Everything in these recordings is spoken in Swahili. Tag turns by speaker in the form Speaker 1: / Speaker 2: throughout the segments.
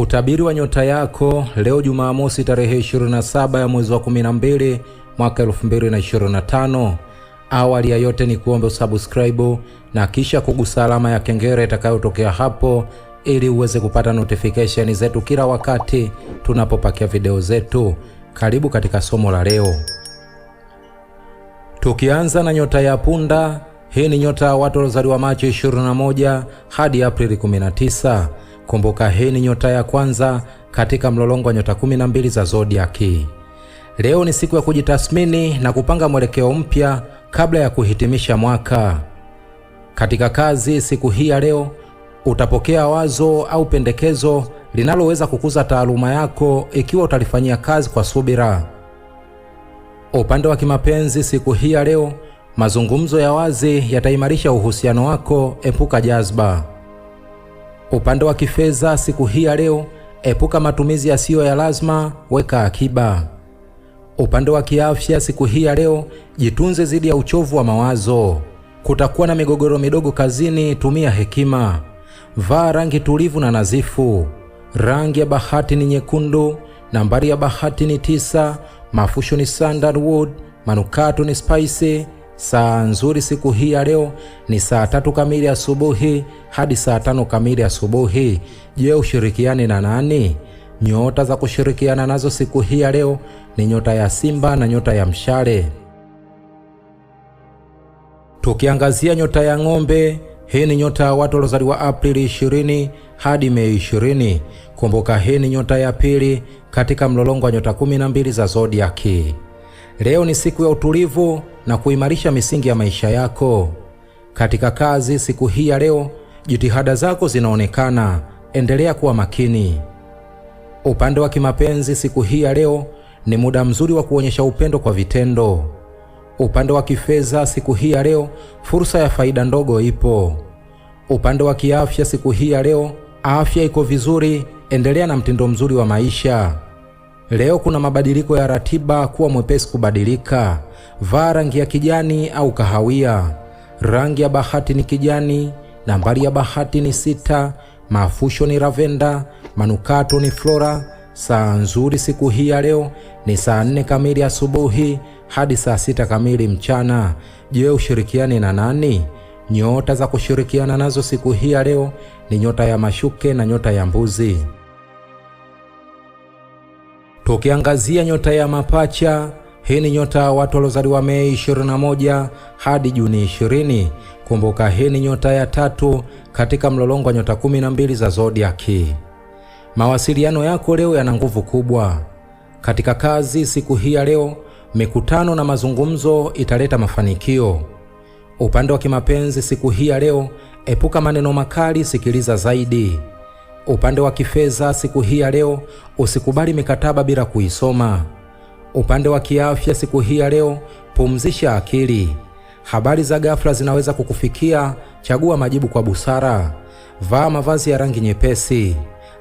Speaker 1: Utabiri wa nyota yako leo Jumamosi tarehe 27 ya mwezi wa 12 mwaka 2025. Awali ya yote ni kuombe usubscribe na kisha kugusa alama ya kengele itakayotokea hapo ili uweze kupata notification zetu kila wakati tunapopakia video zetu. Karibu katika somo la leo. Tukianza na nyota ya punda, hii ni nyota ya watu waliozaliwa Machi 21 hadi Aprili 19. Kumbuka hii ni nyota ya kwanza katika mlolongo wa nyota 12 za zodiaki. Leo ni siku ya kujitathmini na kupanga mwelekeo mpya kabla ya kuhitimisha mwaka. Katika kazi, siku hii ya leo utapokea wazo au pendekezo linaloweza kukuza taaluma yako ikiwa utalifanyia kazi kwa subira. Upande wa kimapenzi, siku hii ya leo, mazungumzo ya wazi yataimarisha uhusiano wako. Epuka jazba. Upande wa kifedha siku hii ya leo, epuka matumizi yasiyo ya lazima, weka akiba. Upande wa kiafya siku hii ya leo, jitunze dhidi ya uchovu wa mawazo. Kutakuwa na migogoro midogo kazini, tumia hekima. Vaa rangi tulivu na nadhifu. Rangi ya bahati ni nyekundu. Nambari ya bahati ni tisa. Mafusho ni sandalwood. Manukato ni spicy, Saa nzuri siku hii ya leo ni saa tatu kamili asubuhi hadi saa tano kamili asubuhi. Je, ushirikiane na nani? Nyota za kushirikiana nazo siku hii ya leo ni nyota ya Simba na nyota ya Mshale. Tukiangazia nyota ya Ng'ombe, hii ni nyota ya watu waliozaliwa Aprili 20 hadi Mei 20. Kumbuka, hii ni nyota ya pili katika mlolongo wa nyota 12 za zodiaki. Leo ni siku ya utulivu na kuimarisha misingi ya maisha yako. Katika kazi siku hii ya leo, jitihada zako zinaonekana, endelea kuwa makini. Upande wa kimapenzi siku hii ya leo ni muda mzuri wa kuonyesha upendo kwa vitendo. Upande wa kifedha siku hii ya leo, fursa ya faida ndogo ipo. Upande wa kiafya siku hii ya leo, afya iko vizuri, endelea na mtindo mzuri wa maisha. Leo kuna mabadiliko ya ratiba, kuwa mwepesi kubadilika. Vaa rangi ya kijani au kahawia. Rangi ya bahati ni kijani. Nambari ya bahati ni sita. Mafusho ni ravenda. Manukato ni flora. Saa nzuri siku hii ya leo ni saa nne kamili asubuhi hadi saa sita kamili mchana. Je, ushirikiane na nani? Nyota za kushirikiana nazo siku hii ya leo ni nyota ya mashuke na nyota ya mbuzi. Tukiangazia nyota ya mapacha hii ni nyota watu waliozaliwa Mei 21 hadi Juni 20. Kumbuka, hii ni nyota ya tatu katika mlolongo wa nyota 12 za zodiaki. Mawasiliano yako leo yana nguvu kubwa. Katika kazi siku hii ya leo, mikutano na mazungumzo italeta mafanikio. Upande wa kimapenzi siku hii ya leo, epuka maneno makali, sikiliza zaidi. Upande wa kifedha siku hii ya leo, usikubali mikataba bila kuisoma. Upande wa kiafya siku hii ya leo, pumzisha akili. Habari za ghafla zinaweza kukufikia, chagua majibu kwa busara. Vaa mavazi ya rangi nyepesi.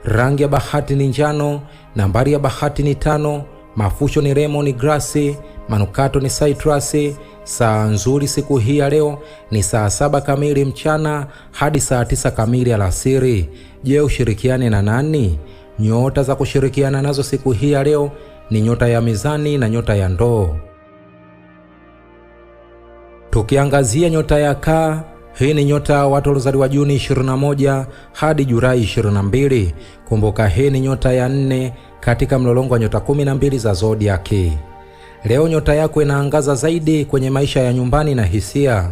Speaker 1: Rangi ya bahati ni njano. Nambari ya bahati ni tano. Mafusho ni lemon grasi. Manukato ni citrus. Saa nzuri siku hii ya leo ni saa saba kamili mchana hadi saa tisa kamili alasiri. Je, ushirikiane na nani? Nyota za kushirikiana nazo siku hii ya leo ni nyota ya mizani na nyota ya ndoo. Tukiangazia nyota ya kaa, hii ni nyota ya watu waliozaliwa Juni 21 hadi Julai 22. Kumbuka hii ni nyota ya nne katika mlolongo wa nyota 12 za zodiaki. Leo nyota yako inaangaza zaidi kwenye maisha ya nyumbani na hisia.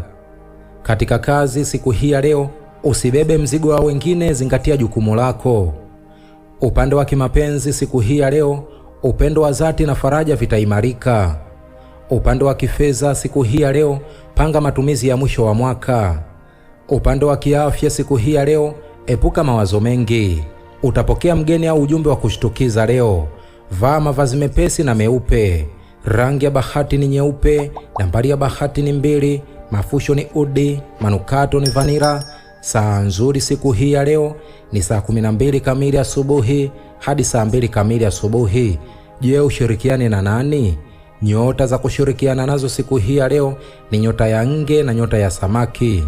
Speaker 1: Katika kazi siku hii ya leo, usibebe mzigo wa wengine, zingatia jukumu lako. Upande wa kimapenzi siku hii ya leo, upendo wa dhati na faraja vitaimarika. Upande wa kifedha siku hii ya leo, panga matumizi ya mwisho wa mwaka. Upande wa kiafya siku hii ya leo, epuka mawazo mengi. Utapokea mgeni au ujumbe wa kushtukiza leo. Vaa mavazi mepesi na meupe. Rangi ya bahati ni nyeupe. Nambari ya bahati ni mbili. Mafusho ni udi. Manukato ni vanira. Saa nzuri siku hii ya leo ni saa 12 kamili asubuhi hadi saa mbili kamili asubuhi. Je, ushirikiane na nani? Nyota za kushirikiana nazo siku hii ya leo ni nyota ya nge na nyota ya samaki.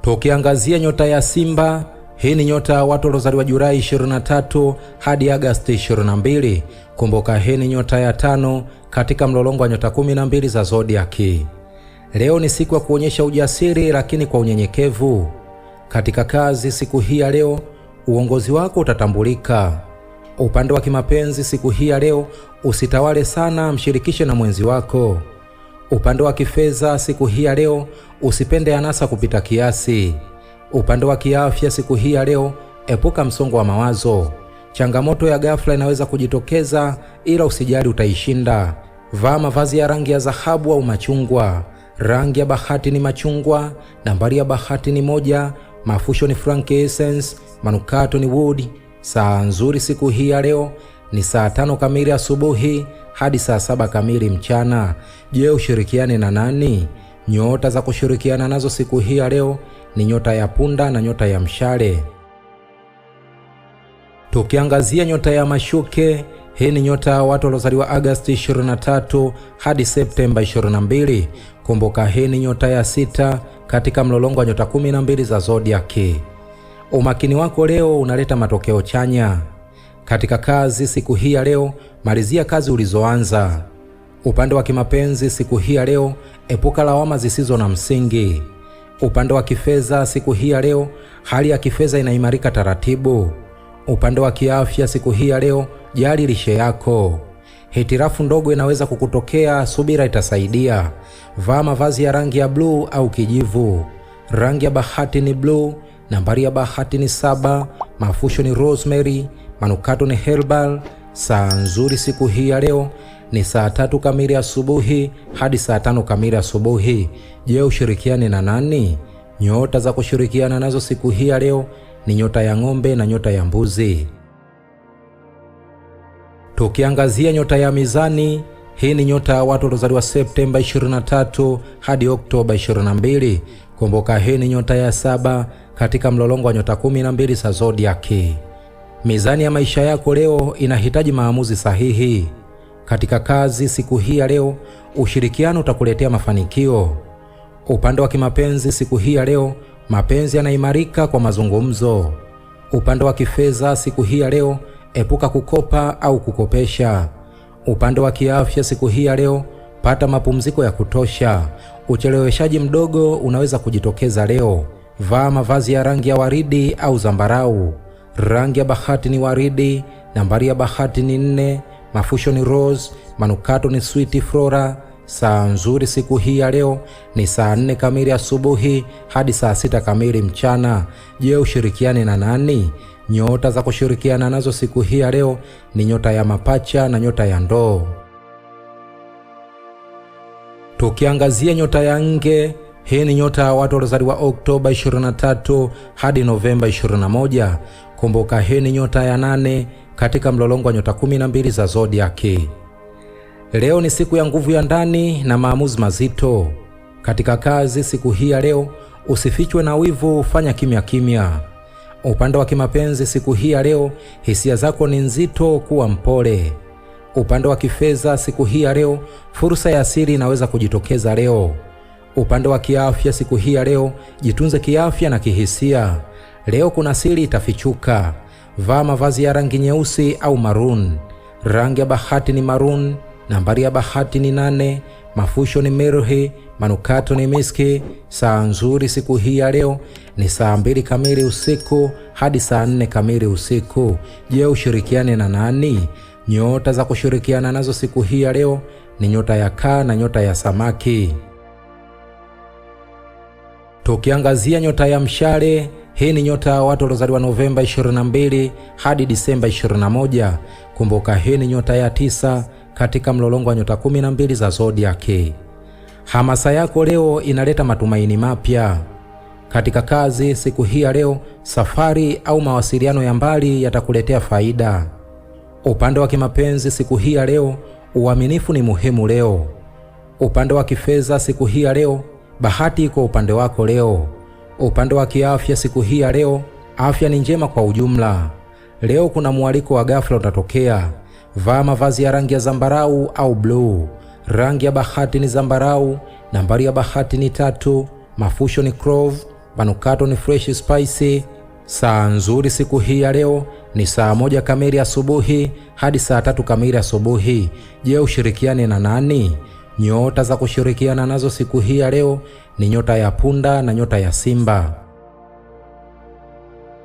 Speaker 1: Tukiangazia nyota ya Simba, hii ni nyota ya watu waliozaliwa Julai 23 hadi Agasti 22. Kumbuka, hii ni nyota ya tano katika mlolongo wa nyota 12 za zodiaki. Leo ni siku ya kuonyesha ujasiri, lakini kwa unyenyekevu katika kazi. Siku hii ya leo uongozi wako utatambulika. Upande wa kimapenzi siku hii ya leo, usitawale sana, mshirikishe na mwenzi wako. Upande wa kifedha siku hii ya leo, usipende anasa kupita kiasi. Upande wa kiafya siku hii ya leo, epuka msongo wa mawazo. Changamoto ya ghafla inaweza kujitokeza, ila usijali, utaishinda. Vaa mavazi ya rangi ya dhahabu au machungwa. Rangi ya bahati ni machungwa. Nambari ya bahati ni moja mafusho ni frank Essence, manukato ni wood. Saa nzuri siku hii ya leo ni saa tano kamili asubuhi hadi saa saba kamili mchana. Je, ushirikiane na nani? Nyota za kushirikiana nazo siku hii ya leo ni nyota ya punda na nyota ya mshale. Tukiangazia nyota ya mashuke, hii ni nyota ya watu waliozaliwa Agosti 23 hadi Septemba 22. Kumbuka, hii ni nyota ya sita katika mlolongo wa nyota 12 za zodiaki. Umakini wako leo unaleta matokeo chanya katika kazi. Siku hii ya leo, malizia kazi ulizoanza. Upande wa kimapenzi, siku hii ya leo, epuka lawama zisizo na msingi. Upande wa kifedha, siku hii ya leo, hali ya kifedha inaimarika taratibu. Upande wa kiafya, siku hii ya leo, jali lishe yako. Hitirafu ndogo inaweza kukutokea, subira itasaidia. Vaa mavazi ya rangi ya bluu au kijivu. Rangi ya bahati ni bluu. Nambari ya bahati ni saba. Mafusho ni rosemary. Manukato ni herbal. Saa nzuri siku hii ya leo ni saa tatu kamili asubuhi hadi saa tano kamili asubuhi. Je, ushirikiane na nani? Nyota za kushirikiana nazo siku hii ya leo ni nyota ya ng'ombe na nyota ya mbuzi. Tukiangazia nyota ya mizani, hii ni nyota ya watu waliozaliwa Septemba 23 hadi Oktoba 22. Kumbuka hii ni nyota ya saba katika mlolongo wa nyota 12 za zodiaki. Mizani ya maisha yako leo inahitaji maamuzi sahihi katika kazi. Siku hii ya leo, ushirikiano utakuletea mafanikio. Upande wa kimapenzi, siku hii ya leo, mapenzi yanaimarika kwa mazungumzo. Upande wa kifedha, siku hii ya leo epuka kukopa au kukopesha. Upande wa kiafya siku hii ya leo, pata mapumziko ya kutosha. Ucheleweshaji mdogo unaweza kujitokeza leo. Vaa mavazi ya rangi ya waridi au zambarau. Rangi ya bahati ni waridi. Nambari ya bahati ni nne. Mafusho ni rose. Manukato ni sweet flora. Saa nzuri siku hii ya leo ni saa nne kamili asubuhi hadi saa sita kamili mchana. Je, ushirikiane na nani? Nyota za kushirikiana nazo siku hii ya leo ni nyota ya mapacha na nyota ya ndoo. Tukiangazia nyota ya nge, hii ni nyota ya watu waliozaliwa Oktoba 23 hadi Novemba 21. Kumbuka, hii ni nyota ya nane katika mlolongo wa nyota 12 za zodiaki. Leo ni siku ya nguvu ya ndani na maamuzi mazito. Katika kazi siku hii ya leo, usifichwe na wivu, fanya kimya kimya. Upande wa kimapenzi siku hii ya leo, hisia zako ni nzito, kuwa mpole. Upande wa kifedha siku hii ya leo, fursa ya asili inaweza kujitokeza leo. Upande wa kiafya siku hii ya leo, jitunze kiafya na kihisia. Leo kuna siri itafichuka. Vaa mavazi ya rangi nyeusi au maroon. Rangi ya bahati ni maroon. Nambari ya bahati ni nane. Mafusho ni mirhi. Manukato ni miski. Saa nzuri siku hii ya leo ni saa mbili kamili usiku hadi saa nne kamili usiku. Je, ushirikiane na nani? Nyota za kushirikiana nazo siku hii ya leo ni nyota ya kaa na nyota ya samaki. Tukiangazia nyota ya mshale, hii ni nyota ya watu waliozaliwa Novemba 22 hadi Disemba 21. Kumbuka, hii ni nyota ya tisa katika mlolongo wa nyota 12 za zodiaki. Hamasa yako leo inaleta matumaini mapya katika kazi. Siku hii ya leo, safari au mawasiliano ya mbali yatakuletea faida. Upande wa kimapenzi, siku hii ya leo, uaminifu ni muhimu leo. Upande wa kifedha, siku hii ya leo, bahati iko upande wako leo. Upande wa kiafya, siku hii ya leo, afya ni njema kwa ujumla. Leo kuna mwaliko wa ghafla utatokea. Vaa mavazi ya rangi ya zambarau au bluu rangi ya bahati ni zambarau, nambari ya bahati ni tatu, mafusho ni clove, manukato ni fresh spice. Saa nzuri siku hii ya leo ni saa moja kamili asubuhi hadi saa tatu kamili asubuhi. Je, ushirikiane na nani? Nyota za kushirikiana nazo siku hii ya leo ni nyota ya punda na nyota ya simba.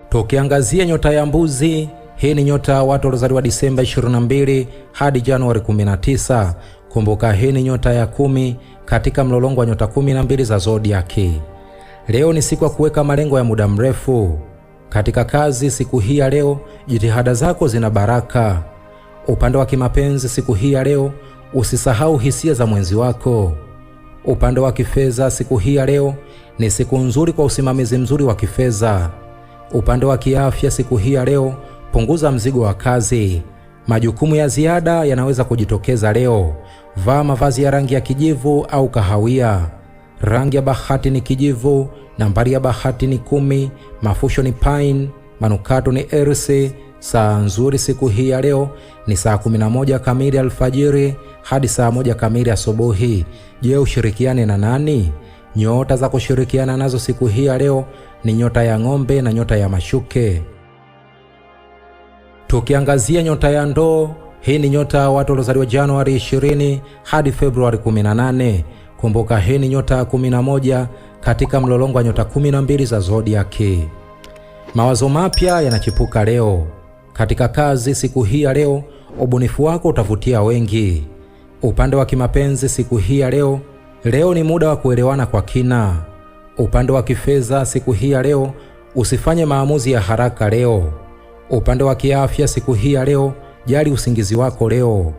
Speaker 1: Tukiangazia nyota ya mbuzi, hii ni nyota ya watu waliozaliwa Disemba 22 hadi Januari 19. Kumbuka hii ni nyota ya kumi katika mlolongo wa nyota kumi na mbili za zodiaki. Leo ni siku ya kuweka malengo ya muda mrefu katika kazi. Siku hii ya leo, jitihada zako zina baraka. Upande wa kimapenzi, siku hii ya leo, usisahau hisia za mwenzi wako. Upande wa kifedha, siku hii ya leo ni siku nzuri kwa usimamizi mzuri wa kifedha. Upande wa kiafya, siku hii ya leo, punguza mzigo wa kazi. Majukumu ya ziada yanaweza kujitokeza leo. Vaa mavazi ya rangi ya kijivu au kahawia. Rangi ya bahati ni kijivu. Nambari ya bahati ni kumi. Mafusho ni pine. Manukato ni erisi. Saa nzuri siku hii ya leo ni saa 11 kamili alfajiri hadi saa 1 kamili asubuhi. Je, ushirikiane na nani? Nyota za kushirikiana nazo siku hii ya leo ni nyota ya ng'ombe na nyota ya mashuke. Tukiangazia nyota ya ndoo, hii ni nyota ya watu waliozaliwa Januari 20 hadi Februari 18. Kumbuka hii ni nyota ya 11 katika mlolongo wa nyota 12 za zodiaki. Mawazo mapya yanachipuka leo. Katika kazi siku hii ya leo, ubunifu wako utavutia wengi. Upande wa kimapenzi siku hii ya leo, leo ni muda wa kuelewana kwa kina. Upande wa kifedha siku hii ya leo, usifanye maamuzi ya haraka leo. Upande wa kiafya siku hii ya leo, jali usingizi wako leo.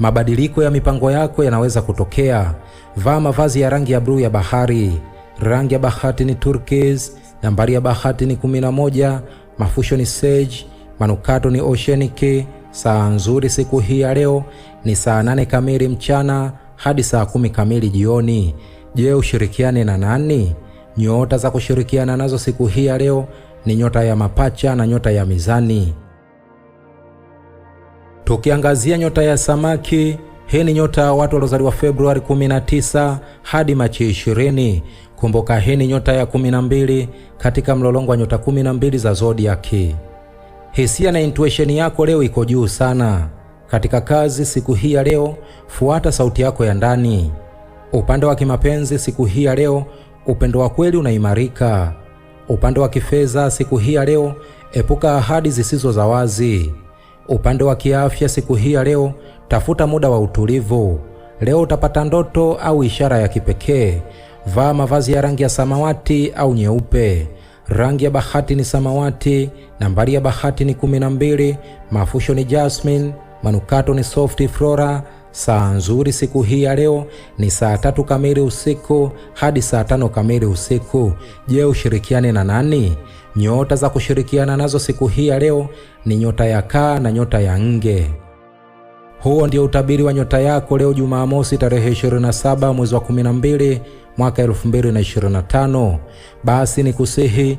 Speaker 1: Mabadiliko ya mipango yako yanaweza kutokea. Vaa mavazi ya rangi ya bluu ya bahari. Rangi ya bahati ni turquoise. Nambari ya bahati ni 11. Mafusho ni sage. Manukato ni oceanic. Saa nzuri siku hii ya leo ni saa nane kamili mchana hadi saa kumi kamili jioni. Je, ushirikiane na nani? Nyota za kushirikiana nazo siku hii ya leo ni nyota ya mapacha na nyota ya mizani. Tukiangazia nyota ya samaki, hii ni nyota ya watu waliozaliwa Februari 19 hadi Machi 20. Kumbuka, hii ni nyota ya 12 katika mlolongo wa nyota 12 za zodiaki. Hisia na intuition yako leo iko juu sana. Katika kazi siku hii ya leo, fuata sauti yako ya ndani. Upande wa kimapenzi siku hii ya leo, upendo wa kweli unaimarika. Upande wa kifedha siku hii ya leo, epuka ahadi zisizo za wazi. Upande wa kiafya siku hii ya leo, tafuta muda wa utulivu. Leo utapata ndoto au ishara ya kipekee. Vaa mavazi ya rangi ya samawati au nyeupe. Rangi ya bahati ni samawati. Nambari ya bahati ni kumi na mbili. Mafusho ni jasmine. Manukato ni soft flora. Saa nzuri siku hii ya leo ni saa tatu kamili usiku hadi saa tano kamili usiku. Je, ushirikiane na nani? Nyota za kushirikiana nazo siku hii ya leo ni nyota ya kaa na nyota ya nge. Huo ndio utabiri wa nyota yako leo Jumamosi tarehe 27 mwezi wa 12 mwaka 2025. Basi ni kusihi